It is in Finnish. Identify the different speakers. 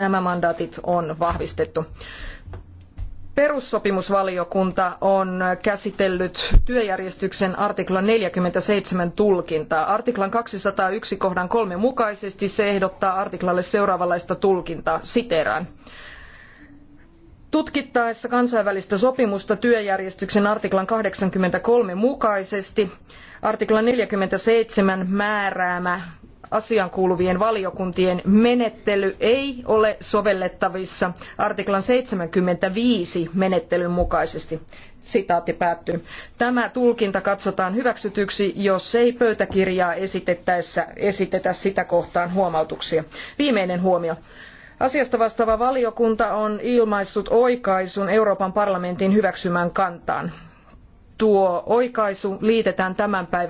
Speaker 1: nämä mandaatit on vahvistettu. Perussopimusvaliokunta on käsitellyt työjärjestyksen artiklan 47 tulkintaa. Artiklan 201 kohdan 3 mukaisesti se ehdottaa artiklalle seuraavanlaista tulkintaa. Siteeraan. Tutkittaessa kansainvälistä sopimusta työjärjestyksen artiklan 83 mukaisesti artiklan 47 määräämä asian kuuluvien valiokuntien menettely ei ole sovellettavissa artiklan 75 menettelyn mukaisesti. Sitaatti päättyy. Tämä tulkinta katsotaan hyväksytyksi, jos ei pöytäkirjaa esitettäessä esitetä sitä kohtaan huomautuksia. Viimeinen huomio. Asiasta vastaava valiokunta on ilmaissut oikaisun Euroopan parlamentin hyväksymään kantaan. Tuo oikaisu liitetään tämän päivän